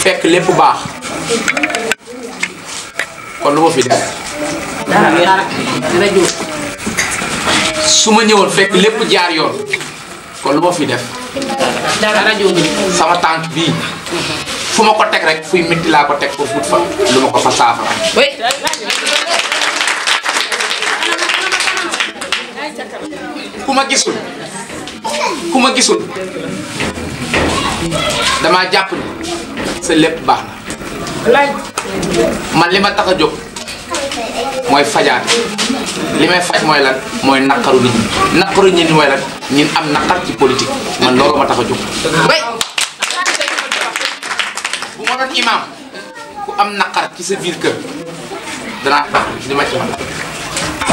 fekk lepp baax kon lu mo fi def suma ma fekk lepp jaar yoon kon lu mo fi def sama tank bi. Fuma ko tek rek fuy metti la ko tek pour fut fa lu ma ko fa safa kuma gisul kuma gisul dama japp sa lépp baax na man li ma tax a jóg mooy fajaat li may faj mooy lan mooy naqaru nit ñi naqaru ñi mooy lan ñun am naqar ci politique man loolu ma tax a jóg ku am naqar ci sa biir kër danaa tax li ma ci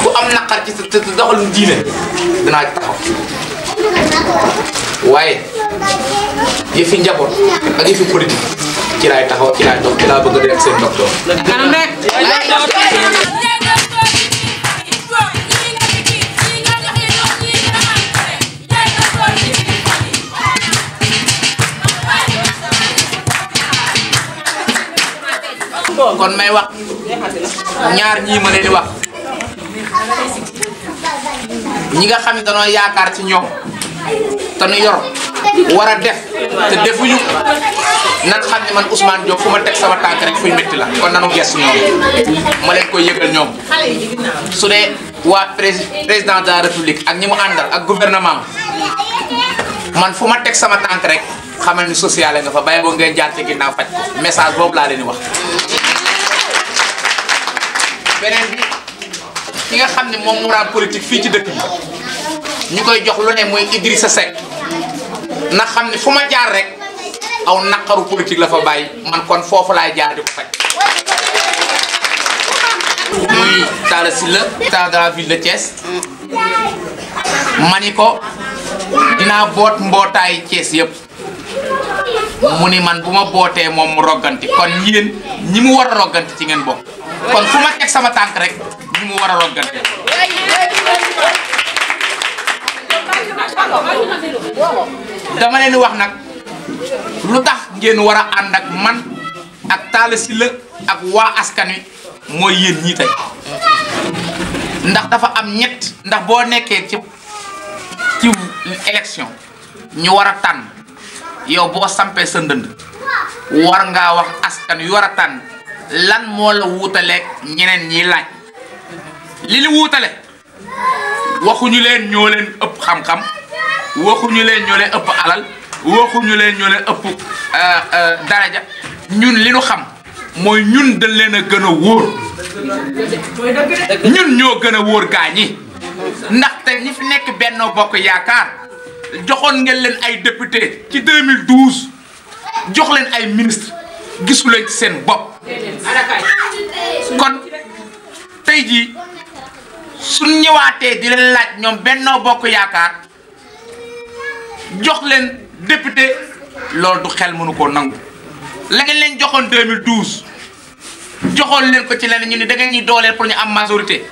ku am naqar ci sa doxalin diine danaa taxaw waaye yëfi njaboot ak yëfi politique ci laay taxaw ci laay dox ci laa bëgg a dem seen docteur. kon may wax ñaar ñii ma leen di wax ñi nga xam ne danoo yaakaar ci ñoom te nu yor war a def te defuñu nan xam ne man Ousmane jox fu ma teg sama tànk rek fuy métti la kon nanu gestu ñoom ma leen koy a ñoom su dee waa président de la république ak ñi mu àndal ak gouvernement man fu ma teg sama tànk rek xamal ni sociale nga fa bàyyi boo ngeen jaar ci ginnaaw faj ko message boobu laa leen di wax beneen bi nga xam ne moom moral politique fii ci dëkk bi ñu koy jox lu ne muy Idrissa Seck na xam ne fu ma jaar rek aw nakaru politique la fa bay man kon fofu lay jaar di ko faj tala Talla le ta de la ville de Thiès maniko dina bot mbotay Thiès yeb muni man buma boté mom roganti kon yeen ñi mu war a ci ngeen bok kon fuma tek sama tank rek ñi mu war a dama leen wax nak lu tax ngeen war a ànd ak man ak Talla Sylla ak waa askan wi mooy yéen ñii ndax dafa am ñett ndax boo nekkee ci ci ñu war a tànn yow boo sampee sa ndënd war ngaa wax askan wi war a tànn lan moo la wuutaleeg ñeneen ñi laaj li li wuutale waxuñu leen ñoo leen ëpp xam-xam waxuñu leen ñoo leen ëpp alal waxuñu leen ñu leen ëpp euh, euh, daraja ñun li ñu xam mooy ñun dañ leen a gën a wóor ñun ñoo gën a wóor gaa ñi ndaxte ñi fi nekk Benno Bokk Yaakaar joxoon ngeen leen ay député ci 2012 jox leen ay ministre gisu leen ci seen bopp kon tey jii suñ ñëwaatee di leen laaj ñoom Benno Bokk Yaakaar jox leen de loolu du xel mënu koo nangu la leen joxoon 2012 joxoon leen ko ci leneen ñu ne da ngeen ñuy dooleel pour ñu am majorité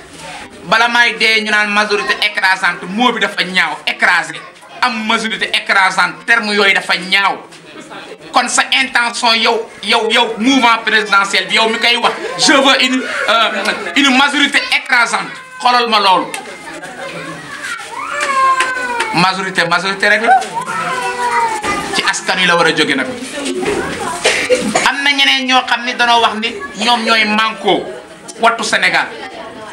bala may dee ñu naan majorité écrasante moo bi dafa ñaaw écrasé am majorité écrasante terme yooyu dafa ñaaw kon sa intention yow yow yow mouvement présidentiel bi yow mi koy wax je veux une euh, une majorité écrasante xoolal ma loolu majorité majorité rek ci askan yi la wara a nak nag am na ñeneen ño xamni dañu wax ni ñom ñoy manko watu Sénégal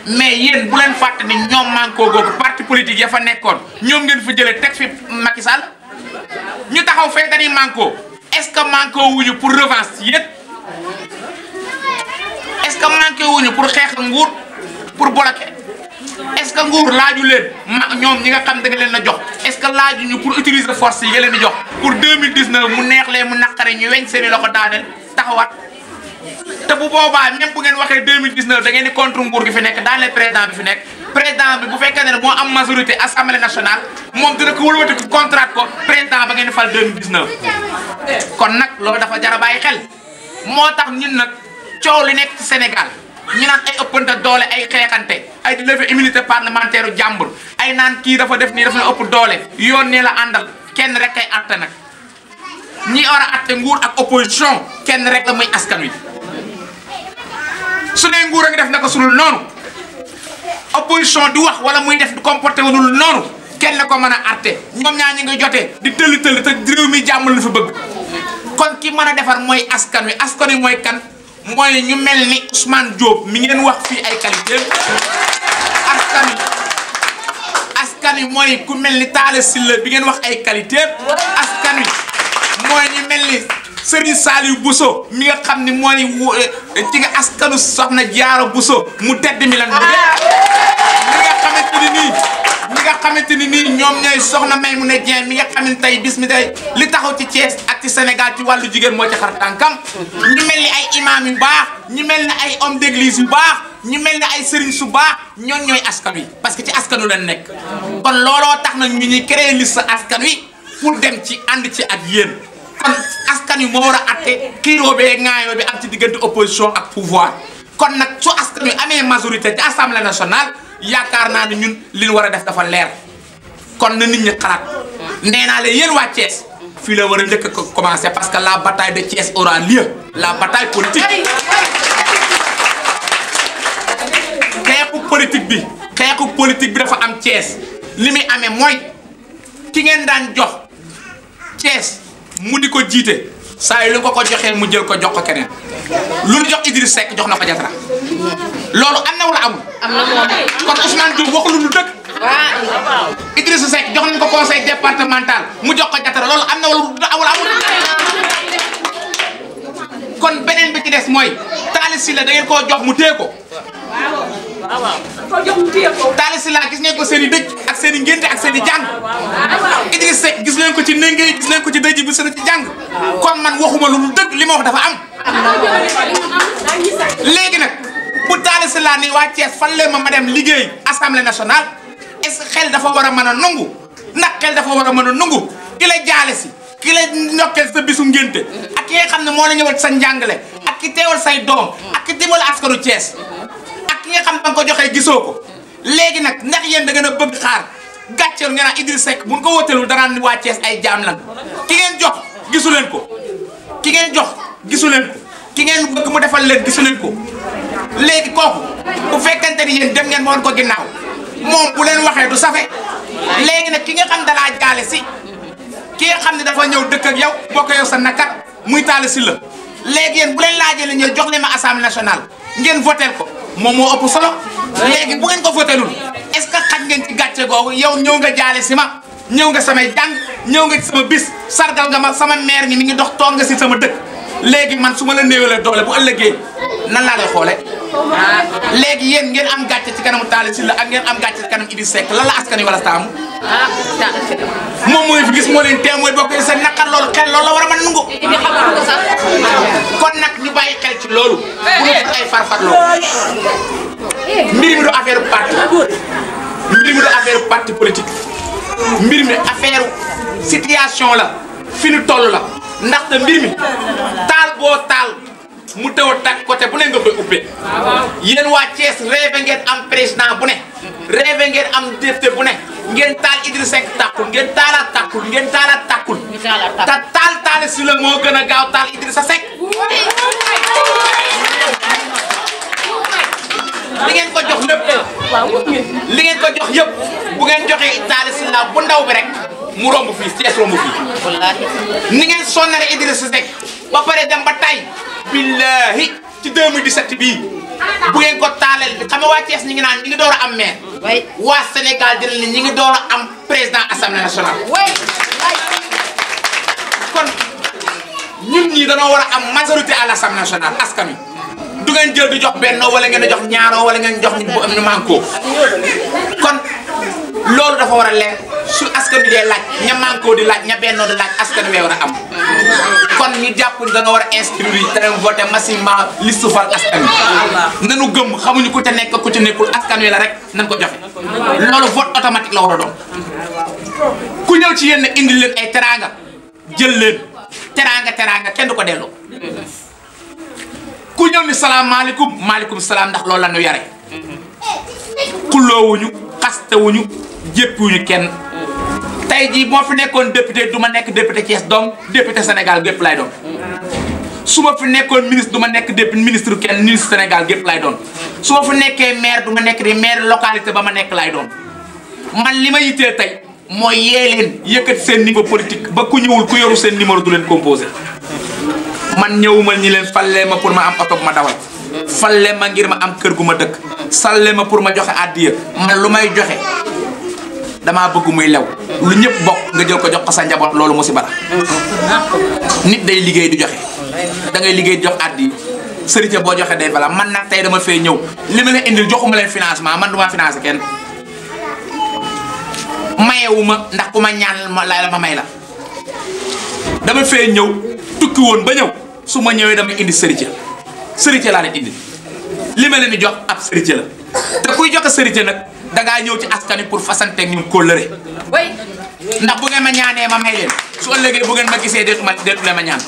mais yeen bu len fàtte ni ñom manko googu parti politique ya fa nekkon ñom ngeen fa jëlee tek fi Macky Sall ñu taxaw fee dañuy manko est-ce que manko wuñu pour revanche yeet est-ce que manko wuñu pour xeex nguur pour bolaké est-ce que nguur laaju leen ma ñoom ñi nga xam da nga leen a jox est-ce que laaju ñu pour utiliser force yi nga leen di jox pour 2019 mu neex leen mu naqare ñu weñ seeni loxo daaneel taxawaat te bu boobaa même bu ngeen waxee 2019 da ngeen di contre nguur gi fi nekk daaneel président bi fi nekk président bi bu fekkee ne moo am majorité assemblée nationale moom dina ko wëlbatiku contrat ko président ba ngeen di fal 2019. kon nag loolu dafa jar bàyyi xel moo tax ñun nag coow li nekk Sénégal. ñu naan ay ëppante doole ay xéxante ay di lever immunité parlementaire jambour ay nan ki dafa def ni dafa ëpp doole yoon la andal kenn rek ay atté nak ñi ora a nguur ak opposition kenn rek la may askan wi su nguur a def naka sulul nonu opposition di wax wala muy def du comporté wulul nonu kenn ko mëna atté ñom ñaa ñi di teul teul te réew mi jàmm la bëgg kon ki mëna défar moy askan wi askan wi moy kan mooy ñu mel ni Ousmane Diop mi ngeen wax fii ay qualité askan wi mooy ku mel ni Talla Sylla bi ngeen wax ay qualité askan wi mooy ñu mel ni Serigne Saliou Bousso mi nga xam ni moo ni eh, ci nga askanu soxna Jaara Bousso mu tedd mi lan. mi la xamante ni mi nga xamante ni nii ñoom ñooy soxna may mu ne Dieng mi nga xam ne tey bis li taxaw ci Thiès ak ci Sénégal ci wàllu jigéen mooy ci xar tànkam. ñu mel ni ay imam yu baax ñu mel ni ay homme d'église yu baax. ñu mel ni ay sëriñ su baax ñoon ñooy askan wi parce que ci askanu lañ nekk kon looloo tax na ñu ñuy créer liste askan wi pour dem ci ànd ci ak yéen kon askan wi moo war a atte xiiroo bee ŋaayoo bi am ci diggante opposition ak pouvoir kon nag su askan wi amee majorité ci assemblée nationale yaakaar naa ne ñun li ñu war a def dafa leer kon na nit ñi xalaat nee naa la yéen waa Thiès fii la war a njëkk a commencé parce que la bataille de Thiès aura lieu la bataille politique xeexu politique bi xeexu politique bi dafa am Thiès li muy amee mooy ki ngeen daan jox Thiès mu diko jité say lu ko ko joxé mu jël ko jox ko kenen lu ñu jox Idriss sek jox nako jatra lolu amna wala amul. amna na moom Ousmane dou waxu lu dëkk. waaw Idriss sek jox nañ ko conseil départemental mu jox ko jatra lolu amna wala amul. amul kon benen bi ci dess moy talisi la da ngeen ko jox mu téye ko. waaw waaw. jox mu téye ko. Talla Sylla gis ngeen ko seen i dëj ak seen i ngénte ak seen i jàng. Idriss Seck gis leen ko ci néngé gis leen ko ci dëj bi seen ci jàng. kon man waxuma lu dul dëgg li ma wax dafa am. léegi nag bu Talla Sylla ni waa Thiès fan leen ma ma dem liggéey assemblée nationale est-ce que xel dafa war a mën a nangu ndax xel dafa war a mën a nangu ki la jaale si ki la ndokkeel sa bisu ngénte ak ki nga xam ne moo la ñëwal sa njàngale ak ki teewal say doom ak ki dimbal askanu Thiès. nga xam da nga ko joxee gisoo ko léegi nag ndax yéen da ngeen a bëgg xaar gàcceel nga naan Idriss Seck buñ ko waa Thiès ay jaam lan ki ngeen jox gisu leen ko ki ngeen jox gisu leen ko ki nga bëgg mu defal leen gisu leen ko léegi kooku bu fekkente ni yéen dem ngeen moon ko ginnaaw moom bu leen waxee du safe léegi nag ki nga xam dalaa jaale si ki nga xam ni dafa ñëw dëkk ak yow bokk yow sa nakat muy taale si la léegi yéen bu leen laajee le ñëw jox leen ma assemblée national ngeen voté ko. moom moo ëpp solo léegi bu ngeen ko votelul est-ce que xaj ngeen ci gàcce googu yow ñëw nga jaale si ma ñëw nga samay jàng ñëw nga ci sama bis sargal nga ma sama meer mi mi ngi dox toog nga si sama dëkk léegi man su ma la néewalee doole bu ëllëgee nan laa lay xoole ah. léegi yéen ngeen am gàcce ci kanamu Talla Sylla ak ngeen am gàcce ci kanam Idy Seck lan la askan wi wala taamu. Ah. moom mooy fi gis moo leen teem mooy bokk sa naqar loolu xel loolu la war a mën a nangu. kon nag ñu bàyyi xel ci loolu. bu eh, ñu eh. def ay farfarloo. mbir mi du affaire parti mbir mi du affaire parti politique. mbir mi affaire situation la fi ñu la. ndaxte mbir mi taal boo taal mu taw a tàkk côté bu ne nga koy ubbee yéen waa Thiès rêve ngeen am président bu ne rêve ngeen am député bu ne ngeen taal Idrissa Seck tàkkul ngeen taalaat tàkkul ngeen taalaat tàkkul ta taal taale si la moo gën a gaaw taal Idrissa Seck li ngeen ko jox lépp li ngeen ko jox yëpp bu ngeen joxee taale si la bu ndaw bi rek mu romb fii Thiès romb fii. wallaahi. ni ngeen sonal Idrissa Seck ba pare dem ba tay billahi ci 2017 bii bu ngeen ko taaleel xam nga waa Thiès ñi ngi naan ñi ngi door a am maire. waa Sénégal dina ne ñi ngi door a am président assemblée nationale. way kon ñun ñii danoo war a am majorité à l' assemblée nationale askan wi. du ngeen jël di jox benn wala ngeen di jox wala ngeen jox nit am ñu manko loolu dafa war a leer su askan wi dee laaj ña mànkoo di laaj ña bennoo di laaj askan wee war a am kon ñu jàpp ni war a inscrire yi te voté massivement li suufal askan wi nanu gëm xamuñu ku ca nekk ku askan wi la rek nañ ko joxe loolu vote automatique la war a doon ku ñëw ci yéen indi leen ay teraanga jël leen teraanga teraanga kenn du ko delloo ku ñëw ni salaamaaleykum maaleykum salaam ndax lool la ñu yare xulloowuñu xastewuñu jéppuñu kenn tey jii moo fi nekkoon député du ma nekk député Thiès doom député Sénégal gépp lay doon su ma fi nekkoon ministre du ma nekk député ministre kenn ministre Sénégal gépp lay doon su ma fi nekkee maire du ma nekk nii maire localité ba ma nekk lay doon man li ma yittee tey mooy yee leen yëkkati seen niveau politique ba ku ñëwul ku yoru seen numéro du leen composé man ñëwuma ñi leen fallee ma pour ma am oto bu ma dawal fallee ma ngir ma am kër gu ma dëkk sallee ma pour ma joxe àddiya man lu may joxe damaa bëgg muy lew lu ñëpp bokk nga jël ko jox ko sa njaboot loolu musiba la nit day liggéey di joxe da ngay liggéey di jox addi sërite boo joxe day bala man nag tey dama fee ñëw li ma leen indil joxuma leen financement man duma financé kenn mayewuma ndax ku ma ñaan ma la ma may la dama fee ñëw tukki woon ba ñëw su ma ñëwee dama indi sërite sërite laa leen indi li ma leen di jox ab sërite la te kuy joxe sërite nag dangaa ñëw ci askan wi pour fasanteeg ñun kóllëre. ndax bu ngeen ma ñaanee ma may leen su ëllëgee bu ngeen ma gisee déet ma déet la ma ñaan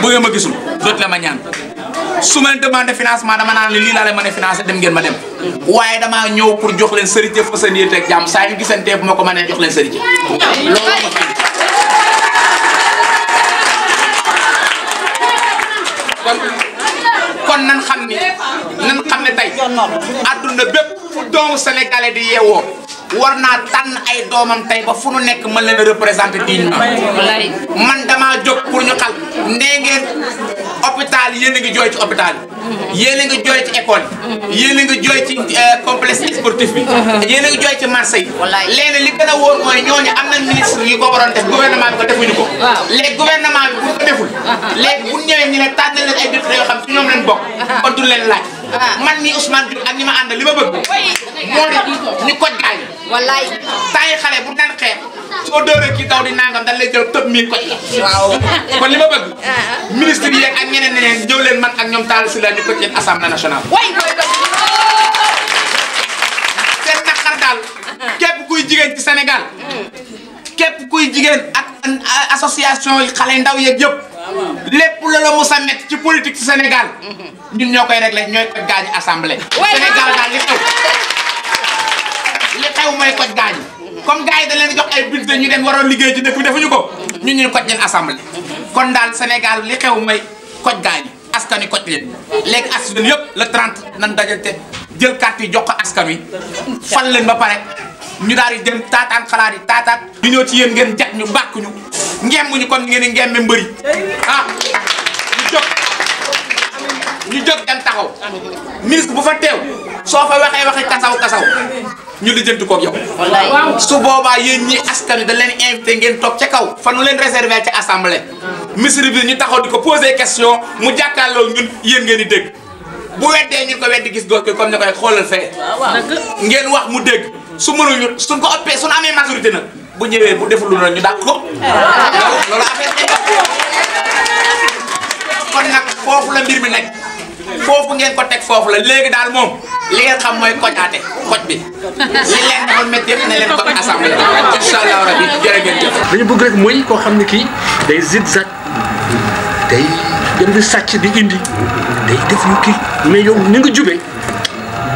bu ma gisul déet la ma ñaan su ma leen demandé financement dama naan lii laa leen mën a financé dem ngeen ma dem. waaye damaa ñëw pour jox leen sëriñ fa seen yéete ak jàmm saa yu gisantee bu ma ko mënee jox leen sëriñ loolu kon kon nan xam ni nan xam ne tey adduna bépp. fu doomu sénégalais di yeewoo war naa tànn ay doomam tey ba fu nu nekk mën leen représenté dignement man damaa jóg pour ñu xal ndee ngeen hôpital yéen a ngi jooy ci hôpital yéen a ngi jooy ci école yéen a ngi jooy ci complexe sportif bi yéen a ngi jooy ci euh, uh-huh. yi léegi li gën a wóor mooy ñooñu am na ministre yu ko def gouvernement bi ko defuñu ko léegi gouvernement bi bu ko deful uh-huh. léegi bu ñëwee ñu ne tànn leen ay député yoo xam ci ñoom leen bokk uh-huh. kon du leen laaj man ni Ousmane Diop ak ñi ma àndal li ma bëgg moo ni ko gaañ wallahi tay xalé bu dañ xeex so doore ki taw di nangam dañ lay jël tëb mi ko waaw kon li ma bëgg ah, ah. ministre yi ak ñeneen ñeneen jëw leen man ak ñom taal ci la ni ko ci assemblée nationale way seen naqar dal kep kuy jigen ci Sénégal mm. kep kuy jigen ak association yi xalé ndaw yeeg yëpp lépp loola musa métti ci politique ci Sénégal ñun ñoo koy réglé ñooy ko gaañ assemblée. Sénégal daal li xew li xew mooy ko gaañ comme gars yi da leen jox ay bulletins ñu dem waroon liggéey ci dëkk bi defuñu ko ñun ñu koj leen assemblée kon daal Sénégal li xew mooy koj gaañ askan wi koj leen léegi askan yëpp la 30 nan dajante jël carte yi jox ko askan wi fal leen ba pare. ñu daal di dem taataan xalaat yi taataan ñu ñëw ci yéen ngeen jag ñu bàkk ñu ngeen mu ñu kon ngeen di ngemme mbëri ah ñu jóg ñu jóg dem taxaw ministre bu fa teew soo fa waxee waxi kasaw kasaw ñu lijjanti koog yow. su boobaa yéen ñi askan wi da leen invité ngeen toog ca kaw. fa nu leen réservé ci assemblée. ministre bi ñu taxaw di ko posé question mu loolu ñu yéen ngeen di dégg bu weddee ñu ko weddi gis doo gi comme ni koy xoolal fee. ngeen wax mu dégg. su mënuñu suñ ko ëppee suñ amee maturité nag bu ñëwee bu deful lu ñu dàq ko loolu affaire kon nag foofu la mbir mi nekk foofu ngeen ko teg foofu la léegi daal moom li ngeen xam mooy koñaate koj bi si leen dafa métti yëpp ne leen ko assemblée incha allah rabi jërë ngeen jëf dañu bëgg rek mooy koo xam ne kii day zigzag day dem di sàcc di indi day def yu kii mais yow ni nga jubee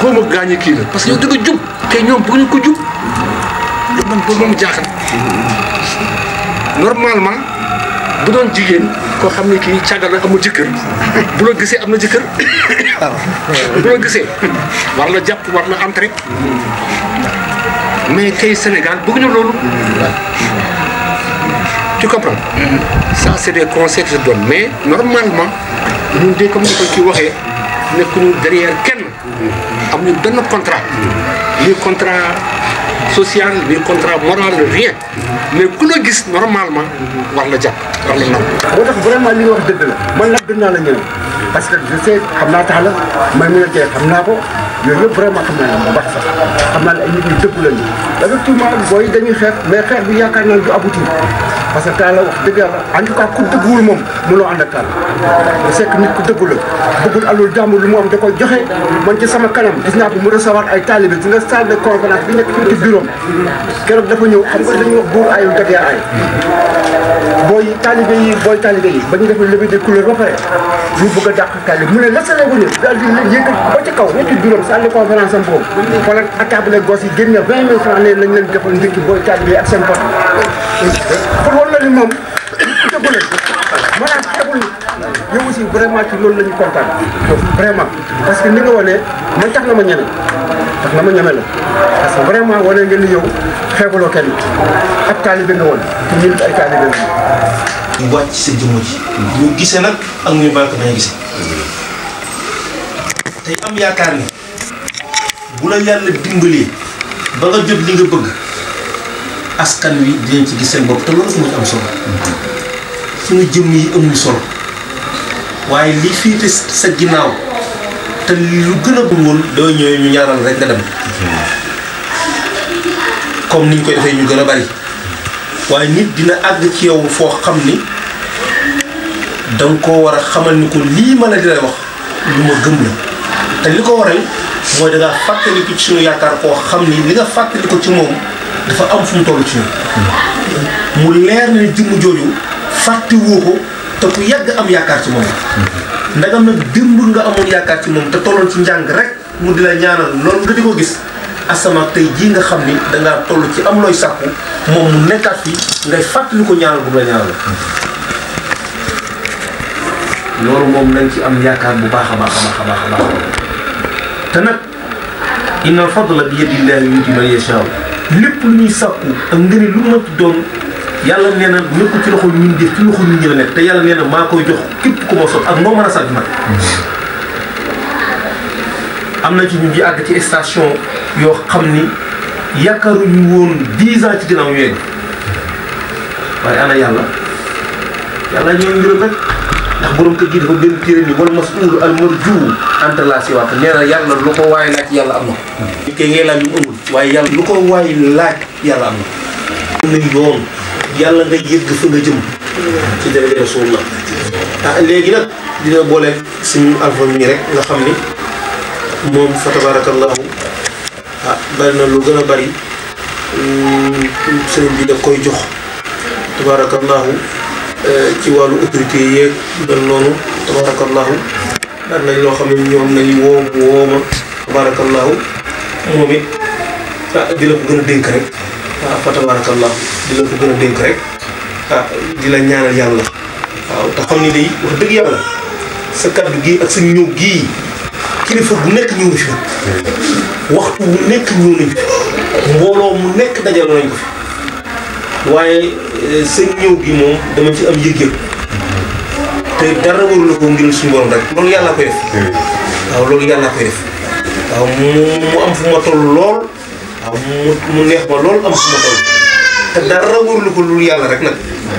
xaw ma gaañu kii la parce que yow da nga jub te ñoom ñu ko jub loolu man loolu moom jaaxal normalement bu doon jigéen koo xam ne kii càggal na amul jëkkër bu la gisee am na jëkkër bu la gisee war na jàpp war na entrer mais tey Sénégal bëgguñu loolu tu comprends ça c'est des conseils que je mais normalement ñun de comme ni ko kii waxee nekkuñu derrière kenn amuñu benn contrat lii contrat social lii contrat moral rien mais ku la gis normalement war la jàpp war la naw moo tax vraiment li nga wax dëgg la man nag gën naa la ñëw parce que je sais xam naa tax la may mun a jee xam naa ko yooyu yëpp vraiment xam naa ne xam naa ne ay nit ñu dëggu lañu effectivement booy dañuy xeex mais xeex bi yaakaar naa du aboutir parce que Talla wax dëgg yàlla en tout cas ku dëgguwul moom mënoo ànd ak Talla c'est que ku dëggu la bëggul alul jàmbur lu mu am da koy joxe man ci sama kanam gis naa ko mu recevoir ay taalibe ci nga salle de conférence bi nekk ci bureau keroog dafa ñëw xam nga dañuy wax buur ayul dëgg yaa ay booy taalibe yi booy taalibe yi ba ñu def levée de couleur ba pare a dàq taalibe ne lasalee ko ba ci kaw ñetti sànni conférence am boobu xoolal accablé gos yi génne vingt francs ne lañ leen defal ndékki boykat bi ak seen bopp pour loolu la ni moom dëggu la maanaam yow aussi vraiment ci loolu la ñu vraiment parce que ni nga wane man tax na ma ñeme tax na ma ñeme la parce que vraiment wane ngeen ni yow xeebaloo kenn ak taalibe nga ay ñu ñu ak ñu dañu am yaakaar ni bu la yàlla dimbalee ba nga jot li nga bëgg askan wi dinañ ci gis seen bopp te loolu mooy am solo suñu yi amuñ solo waaye li fiite sa ginnaaw te lu gën a bul woon doo ñëwee ñu ñaanal rek nga dem comme niñ koy defee ñu gën a bari waaye nit dina àgg ci yow foo xam ni danga ko war a xamal ni ko lii ma la di lay wax lu ma gëm la te li ko waral moy da ngaa fàttaliku ci sunu yaakaar ko xamni li nga ko ci moom dafa am fu mu toll ci hmm. mu leer na jëmm joju fatte wo ko te ku yag am yaakaar ci mom hmm. ndagam na dimbu nga amul yaakaar ci mom te tolloon ci njàng rek mu dila la ñaanal non nga diko gis asama tay ji nga xamni da nga tollu ci am loy sakku mom mu nekkat fi ngay fàttali ko ñaanal bu la ñaanal hmm. loolu mom nañ ci am yaakaar bu baax a baax a baax te nag inna al fadla bi yadillaahi yu'tiihi man yashaa lépp lu ñuy sàkku ak ngëni lu mën doon yàlla nee na nekkul ci loxo ñun ci loxo ñun ñu la nekk te yàlla nee na maa koy jox képp ko ma sopp ak moo mën a sant nag am na ci ñu ji àgg ci station yoo xam ni yaakaaruñu woon dix ci ginnaaw ñu yegg waaye ana yàlla yàlla ñoo ngërëm rek ndax kër gi dafa gën téere ni wala masuul al marjuu nee na yàlla lu ko waay laaj yàlla am na nit koy ngay laaj lu mu amul waaye yàlla lu ko waay laaj yàlla am na nañ yoon yàlla nga yëgg fa nga jëm ci daraja rasulullah ah léegi nag dina booleeg suñu alfa mi rek nga xam ni moom fa tabarakallahu ah bari na lu gën a bari mm, sëriñ bi daf koy jox tabarakallahu Euh, ci wàllu autorité yeeg mel noonu tabarakallahu daan nañ loo xam ne ñoom nañu woo mu ma tabarakallahu moom it ah, di la ko gën a dénk rek ah fa tabarakallahu di la ko gën a dénk rek ah di la ñaanal yàlla waaw te xam ne day wax dëgg yàlla sa kaddu gii ak sa ñëw gii kilifa bu nekk ñëw fi waxtu bu nekk ñëw fi mbooloo mu nekk dajal nañ ko fi waaye eh, seen ñëw gi moom dama ci am yëg-yëg te dara warul ko ngir suñu rek loolu yàlla koy def. waaw loolu yàlla koy def waaw mu am fu ma toll lool mu neex ma lool am fu ma toll te dara warul ko loolu yàlla rek nag.